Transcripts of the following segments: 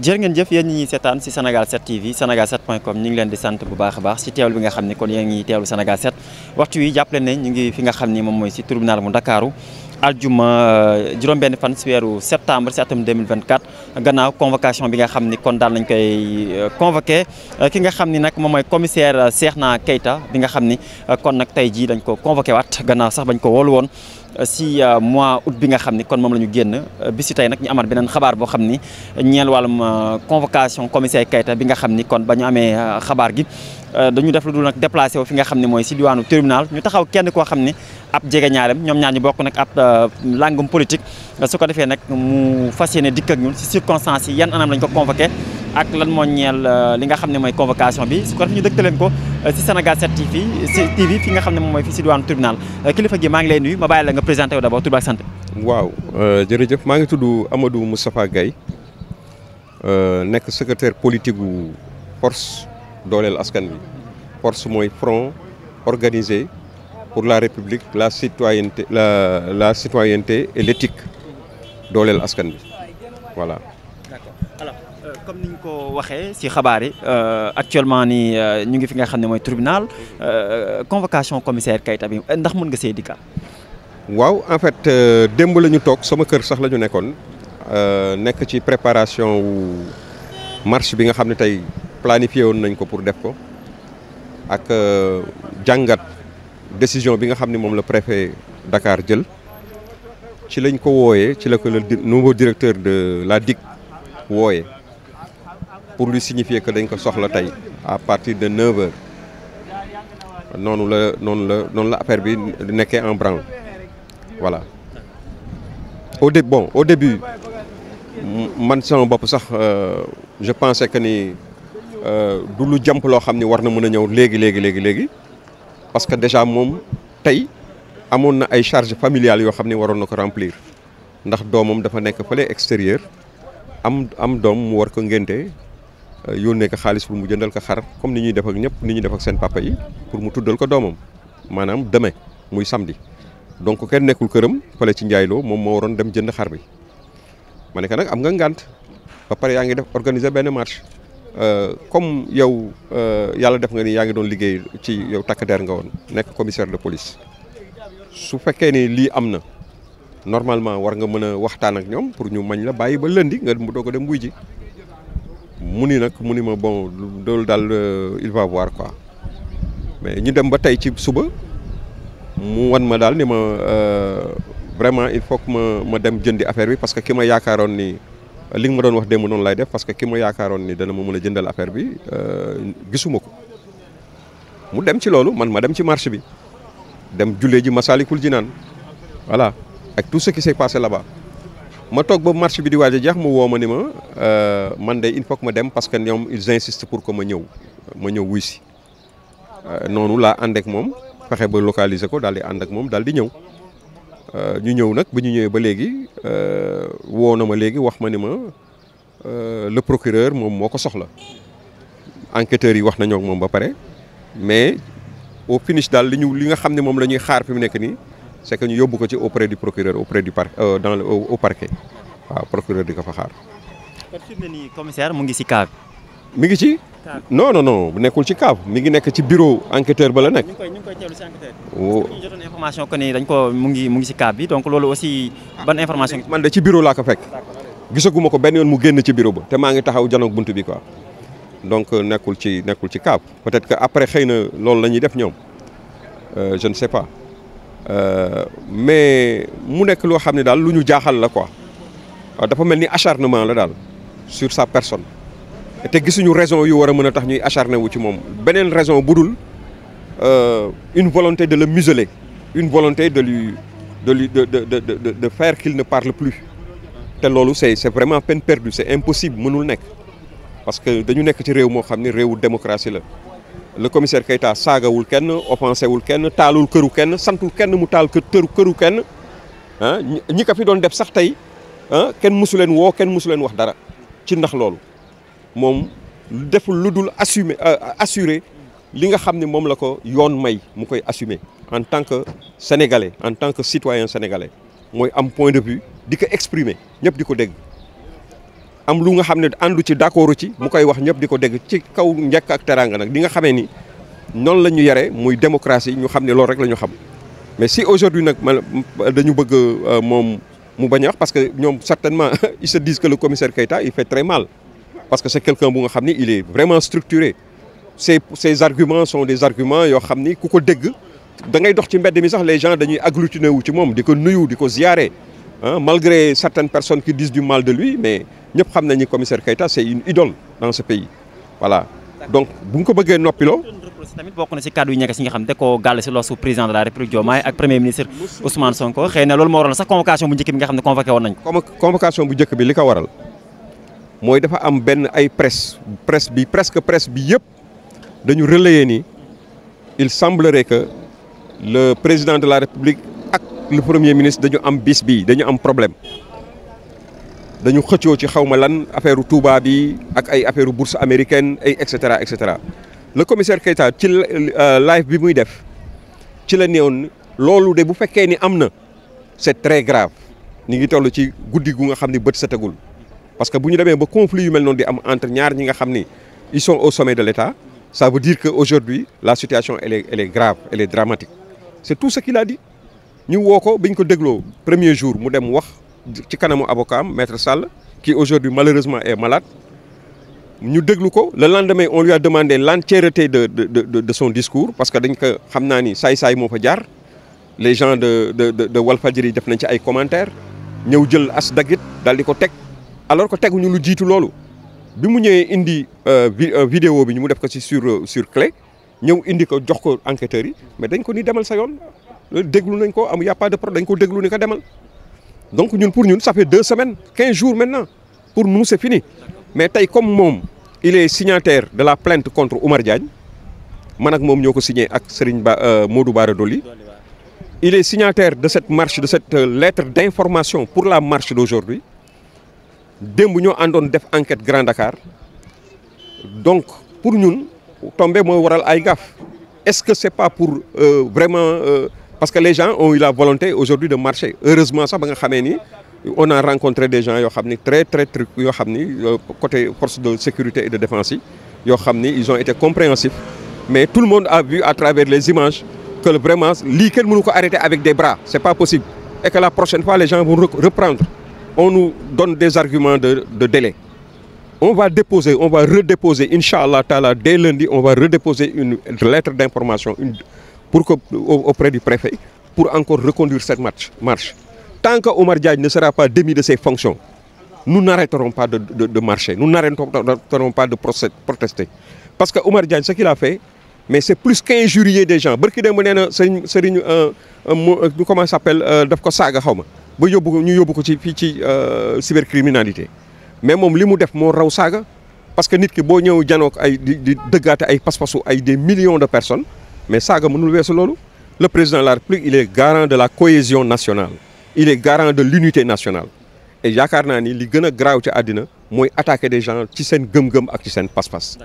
jër ngeen jëf yéen ñi seetaan si Sénégal 7 TV Sénégal 7 point com ñu ngi leen di sant bu baax a baax si teewlu bi nga xam ne kon yéen ngi teewlu Sénégal 7 waxtu wi jàppale ne ñu ngi fi nga xam ni moom mooy si tribunal mu Ndakaaru aljuma euh, juróom-benn fan si weeru septembre si atum 2024 gannaaw convocation bi nga xam ni kon daal nañ koy euh, convoqué euh, ki nga xam ni nag moom mooy commissaire Cheikhna Keita bi nga xam ni kon nag tey jii dañ ko convoqué waat gannaaw sax bañ ko woolu woon si euh, mois août bi nga xam ni kon moom la ñu génn euh, bis si nag ñu amaat beneen xabaar boo xam ni ñeel wàllum euh, convocation commissaire Keita bi nga xam ni kon ba ñu amee xabaar gi Euh, dañu def lu dul nag déplacé wu fi nga xam ne mooy si diwaanu tribunal ñu taxaw kenn koo xam ne ab jege ñaarem ñoom ñaar ñu bokk nag ab euh, langum politique euh, su ko defee nag mu fas yéene dikk ak ñun si circonstances yi yan anam lañ ko convoqué ak lan moo ñeel li nga xam ne mooy convocation bi su ko defee ñu dëgtaleen ko si Sénégal 7 TV si TV fi nga xam ne moom mooy fii si diwaanu tribunal kilifa gi maa ngi lay nuyu ma bàyyi la nga présenté wu d'abord jërëjëf maa ngi tudd Amadou Moustapha Gaye nekk secrétaire politique bu force dooleel askan bi force mooy front organisé pour la république la citoyenneté la la citoyenneté et l'éthique dooleel askan bi voilà. d'accord euh, ni ñu ko waxee si xabaar yi euh, actuellement nii euh, ñu ngi fi nga xam ne mooy tribunal convocation commissaire Keita bi ndax mën nga see dikkaat. waaw en fait démb la ñu toog sama kër sax la ñu nekkoon nekk ci préparation wu marche bi nga xam ne tey. planifié woon nañ ko pour def ko ak euh, jàngat décision bi nga xam ne moom la préfet dakaar jël ci lañ ko wooyee ci la ko le nouveau directeur de la DIC wooyee pour lui signifier que dañ ko soxla tey à partir de 9 heures noonu la noonu la noonu la affaire bi nekkee en branle voilà au dé bon au début man sama bopp sax euh, je pensais que ni. Euh, du lu jàmp loo xam ni war na mën a ñëw léegi léegi léegi léegi parce que déjà moom tey amoon na ay charges familiales yoo xam ni waroon na ko remplir ndax doomam dafa nekk fële extérieur am am doom mu war ko ngénte euh, yónnee ko xaalis pour mu jëndal ko xar comme ni ñuy def ak ñëpp ni ñuy def seen papa yi pour mu tuddal ko doomam maanaam demain muy samedi donc kenn nekkul këram fële ci njaayloo moom moo waroon dem jënd xar bi ma ne ko nag am nga ngànt ba pare yaa ngi def organiser benn marche Euh, comme yow euh, yàlla def nga ni yaa ngi doon liggéey ci yow takk nga woon nekk commissaire de police su fekkee ni lii am na normalement war nga mën a waxtaan ak ñoom pour ñu mañ la bàyyi ba lëndi nga doog a dem wuy ji mu ni nag mu ni ma bon loolu daal euh, il va voir quoi mais ñu dem ba tey ci suba mu wan ma daal ni ma vraiment il faut que ma ma dem jëndi affaire bi parce que ki ma yaakaaroon ni li nga ma doon wax démb noonu lay def parce que ki ma yaakaaroon ni dana ma mën a jëndal affaire bi euh, gisuma ko mu dem ci loolu man ma dem ci marché bi dem jullee ji Massalikul Jinaan voilà ak tout ce qui s'est passé la bas ma toog ba marché bi di waaj a jeex ma woo ma ni ma euh, man de il faut que ma dem parce que ñoom ils insistent pour que ma ñëw ma ñëw wuy si euh, noonu laa ànd ak moom pexe ba localiser ko daal di ànd ak moom daal di ñëw. Euh, ñu ñëw nag bi ñu ñëwee ba léegi euh, woo na ma léegi wax ma ni ma euh, le procureur moom moo ko soxla enquêteurs yi wax nañoo ak moom ba pare mais au finish daal li ñu li nga xam ne moom la ñuy xaar fi mu nekk nii c'est que ñu yóbbu ko ci auprès du procureur auprès du par dans le au parquet waaw procureur di ko fa xaar. mu ne nii commissaire mu ngi si mi ngi ci. non non non nekkul ci cave mi ngi nekk ci bureau enquêteur ba la nekk. ñu ngi koy ñu dañ ko mu ngi mu ngi si cave bi donc loolu aussi ban information. Ah, man de ci bureau laa ko fekk. gisaguma ko benn yoon mu génn ci bureau ba te maa ngi taxaw janoog bunt bi quoi. donc euh, nekkul ci nekkul ci cave peut-être que après xëy na loolu la ñuy def ñoom euh, je ne sais pas euh, mais mu nekk loo xam ne daal lu ñu jaaxal la quoi ah, dafa mel ni acharnement la daal sur sa personne. te gisuñu raison yu war a mën a tax ñuy acharné wu ci moom beneen raison bu dul euh, une volonté de le museler une volonté de lui de lui de de de de faire qu'il ne parle plus te loolu c'est c'est vraiment penn perdue c'est impossible mënul nekk parce que dañu nekk ci réew moo xam ni réewu démocratie la le commissaire Keita saagawul kenn offensé wul kenn taalul këru kenn santul kenn mu taal kër këru kenn ah ñi ko fi doon def sax tey ah kenn mësu leen woo kenn mësu leen wax dara ci ndax loolu. moom deful lu dul assumer euh, assurer li nga xam ni moom la ko yoon may mu koy assumer en tant que sénégalais en tant que citoyen sénégalais mooy am point de vue di ko exprimer ñëpp di ko dégg am lu nga xam ne àndu ci d'accord ci mu koy wax ñëpp di ko dégg ci kaw njëkk ak teraanga nag di nga xamee ni noonu la ñu yare muy démocratie ñu xam ne loolu rek la ñu xam mais si aujourd'hui nag man dañu bëgg euh, moom mu bañ a wax parce que ñoom certainement ils se disent que le commissaire Keïta parce que c'est quelqu'un bu nga xam ni il est vraiment structuré ses ses arguments sont des yoo xam ni ku ko dégg da ngay dox ci mbedd mi sax les gens dañuy agglutiné ci moom di ko nuyu di ko ziyaare ah malgré certaines personnes qui disent du mal de lui mais ñëpp xam nañu commissaire Keïta c'est une idole dans ce pays voilà donc bu ñu bëggee noppiloo tamit bokk na si kàddu si nga xam ne koo gàll si loosu président de la république Diomaye ak premier ministre mooy dafa am benn ay press presse bi presque presse bi yëpp dañu relayer ni il semblerait que le président de la république ak lu premier ministre dañu am bis bii dañu am problème dañu xëccoo ci xaw ma lan affaire Touba bi ak ay affaire bourse américaine ay et cetera et cetera le commissaire Keita ci euh, live bi muy def ci la néewoon loolu de bu fekkee ni am na c'est très grave ñu ngi toll ci guddi gu nga xam ni bët setagul parce que bu ñu demee ba conflit yu mel noonu di am entre ñaar ñi nga xam ni ils sont au sommet de l'État sa veut dire que aujourd'hui la situation elle est elle est grave elle est dramatique c'est tout ce qu'il ñu woo ko biñ ko dégloo premier jour mu dem wax ci kanamu avocat am maître Sall qui aujourd'hui malheureusement est malade ñu déglu ko la lendemain on lui a demandé l'entièreté de de de de son discours parce que dañ ko xam naa ni saay-saay moo fa jaar les gens de de de Walfadjri def nañ ci ay commentaires ñëw jël as dagit daal di ko teg. alors que teguñu lu jiitu loolu bi mu ñëwee indi euh, euh, vidéo bi ñu mu def ko si sur euh, sur clé ñëw indi ko jox ko enquêteurs yi mais dañ ko ni demal sa yoon déglu nañ ko am y a pas de problème dañ ko déglu ni ka demal donc ñun pour ñun ça fait deux semaines quinze jours maintenant pour nous c'est fini mais tey comme moom il est signataire de la plainte contre Oumar Diagne man ak moom ñoo ko signé ak Serigne Ba Modou Bara Dolly il est signataire de set marche de cette lettre d'information pour la marche d'aujourd'hui démb ñoo àndoon def enquête Grand Dakar donc pour ñun tombé mooy waral ay gaaf est-ce que c'est pas pour euh, vraiment euh, parce que les gens ont eu la volonté aujourd'hui de marcher heureusement sax ba nga xamee ni on a rencontré des gens yoo xam ni très très truc yoo xam ni euh, côté force de sécurité et de défense yi xam ni ils ont été compréhensifs mais tout le monde a vu à travers les images que vraiment li kenn mënu ko arrêter avec des bras c'est pas possible on nous donne des arguments de, de délai. On va déposer, on va redéposer, Inch'Allah Ta'ala, dès lundi, on va redéposer une lettre d'information pour que, auprès du préfet pour encore reconduire cette marche. marche. Tant que Omar Diagne ne sera pas démis de ses fonctions, nous n'arrêterons pas de, de, de, marcher, nous n'arrêterons pas de protester. Parce que Omar Diagne, ce qu'il a fait, mais c'est plus qu'injurier des gens. Euh, euh, comment euh, ma ba yóbbu ko ñu yóbbu ko ci fii ci euh, cybercriminalité mais moom li mu def moo raw saaga parce que nit ki boo ñëw janook ay di dëggaate ay pas ay des millions de personnes mais saaga mënul weesu loolu le président la République il est garant de la cohésion nationale il est garant de l'unité nationale et yaakaar naa ni li gën a garaaw ci àddina mooy attaquer des gens ci seen gëm-gëm ak ci seen pas-pas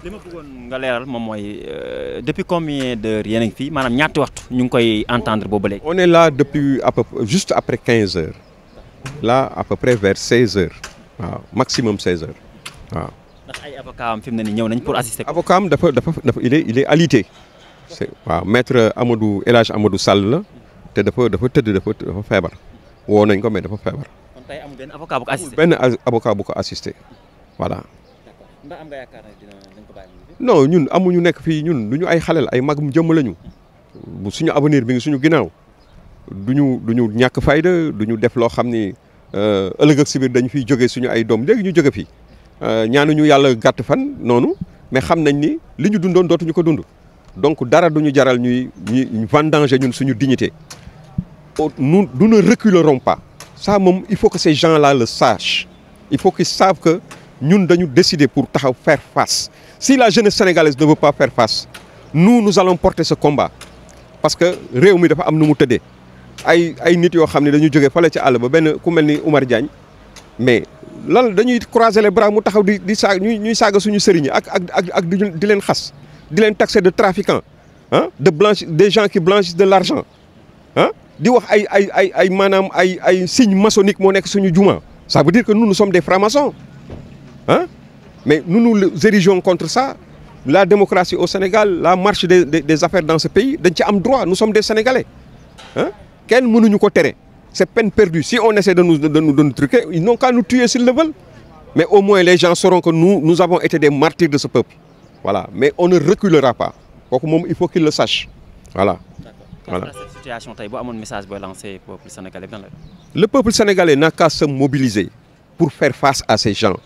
li ma bëggoon moom mooy euh, depuis combien d'heures yéen a ngi fii maanaam ñaati waxtu ñu ngi koy entendre boobu léegi. on est là depuis à peu juste après 15 heures là à peu près vers 16 heures waaw maximum 16 heures waaw. ndax ay avocat ñëw nañ pour assister. avocat am dafa dafa dafa il est waaw maître Amadou El Hadj Amadou Sall la te dafa dafa tëdd dafa dafa feebar woo nañ ko mais dafa feebar. kon tey amul benn avocat bu ko assister benn bu ko assister voilà. non ñun amuñu nekk fii ñun du ñu ay xalel ay magum jëmm lañu suñu avenir bi ngi suñu ginnaaw duñu ñu ñàkk fayda ñu def loo xam ni euh, ëllëg ak si biir dañu fiy jóge suñu ay doom léegi ñu jóge fii euh, ñaanuñu yàlla gàtt fan noonu mais xam nañ ni li ñu dundoon dootuñu ko dund donc dara duñu jaral ñuy ñuy vendanger ñun suñu dignité nous nous ne reculerons pas ça moom il faut que ces gens là le sachent il faut qu'ils savent que ñun dañu décider pour taxaw faire face si la jeunesse sénégalaise ne veut pas faire face nous nous allons porter ce combat parce que réew mi dafa am nu mu tëddee ay ay nit yoo xam ne dañu jógee fale ci àll ba benn ku mel ni Oumar Diagne mais lan dañuy croiser les bras mu taxaw di di saa ñuy ñuy saaga suñu sëriñ ak ak ak ak di leen xas di leen taxer de trafiquant ah de blanchi des gens qui blanchissent de l'argent ah di wax ay ay ay ay maanaam ay ay signe maçonnique moo nekk suñu juma ça veut dire que nous des francs Hein Mais nous nous érigeons contre ça. La démocratie au Sénégal, la marche des, des, des affaires dans ce pays, nous avons droit, nous sommes des Sénégalais. Hein Quel nous nous C'est peine perdue. Si on essaie de nous, de, de nous, de nous truquer, ils n'ont Mais au moins les gens sauront que nous, nous avons été des martyrs de ce peuple. Voilà. Mais on ne reculera pas. Donc, il faut qu'ils le Voilà. voilà. situation, tu as un message pour lancer le peuple sénégalais. Le peuple sénégalais n'a qu'à se mobiliser pour faire face à ces gens.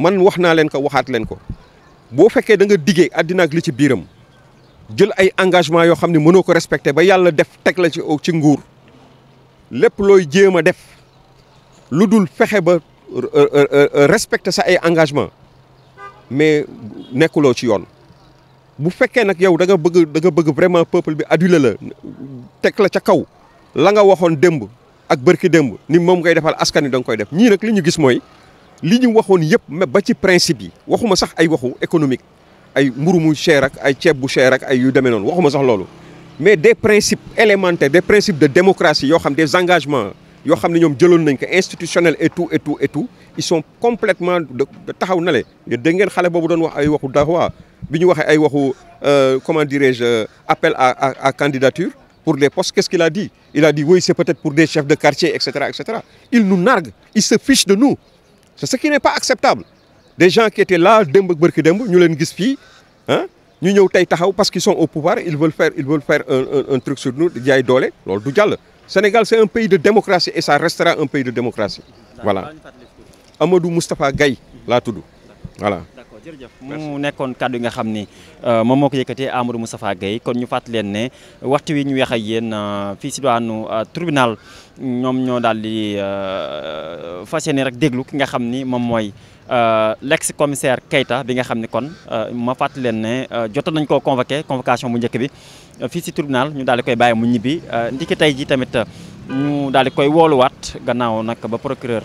man wax naa leen ko waxaat leen ko boo fekkee da nga diggee àddina ak li ci biiram jël ay engagement yoo xam ne mënoo ko respecté ba yàlla def teg la ci ci nguur lépp looy jéem a def lu dul fexe ba euh, euh, euh, respecté sa ay engagement mais nekkuloo ci yoon bu fekkee nag yow da nga bëgg da nga bëgg vraiment peuple bi adulé la teg la ca kaw la nga waxoon démb ak bërki démb ni moom ngay defal askan wi da nga koy def ñii nag li ñu gis mooy li ñu waxoon yëpp mais ba ci principe yi waxuma sax ay waxu économique ay mburu mu cher ak ay ceeb bu cher ak ay yu demee noonu waxuma sax loolu mais des principes élémentaires des principes de démocratie yoo xam des engagements yoo xam ne ñoom jëloon nañ ko institutionnel et tout et tout et tout ils sont complètement de taxaw na le dégg ngeen xale boobu doon wax ay waxu dawa bi ñu waxee ay waxu euh, comment dirais-je appel à à candidature pour les postes qu'est-ce qu'il a dit il a pour des chefs de quartier et cetera et cetera il nous nargue fiche de nous c'est ce qui n'est pas acceptable des gens qui étaient là bërki demb ñu leen gis fii ah ñu ñëw tey taxaw parce qu'ils sont au pouvoir ils veulent faire ils veulent faire un truc sur nous jaay doole loolu du jàll. Sénégal c'est un pays de démocratie et ça restera un pays de démocratie voilà Amadou Moustapha Gaye laa tudd voilà. jërëjëf mu nekkoon kàddu yi nga xam ni euh, moom moo ko yëkkatee Amadou Moustapha Gueye kon ñu fàtt leen ne waxtu wi ñu wax ak yéen euh, fii si doonu euh, tribunal ñoom ñoo daal di fas yéene rek déglu ki nga xam ni moom mooy l'ex commissaire Keita bi nga xam ni kon ma fàttali leen ne jotoon nañ koo convoqué convocation bu njëkk bi fii si tribunal ñu daal di koy bàyyi mu ñibbi ndiki tey ji tamit ñu daal koy wooluwaat gannaaw nag ba procureur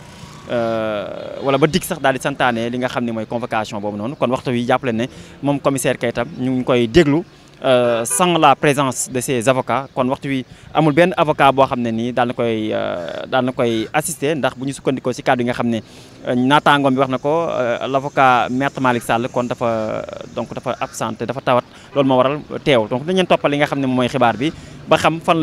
Euh, wala ba dig sax daal di santaane li nga xam ne mooy convocation boobu noonu kon waxtu wi jàppale ne moom commissaire tam ñu ngi koy déglu euh, sans la présence de ses avocats kon waxtu wi amul benn avocat boo xam ne nii daal na koy euh, daal na koy assister ndax bu ñu sukkandikoo si kàddu yi nga xam ne naataangoom bi wax na ko l' avocat maître Malick Sall kon dafa donc dafa absente dafa tawat loolu moo waral teew donc dañu toppal li nga xam ne mooy xibaar bi ba xam fan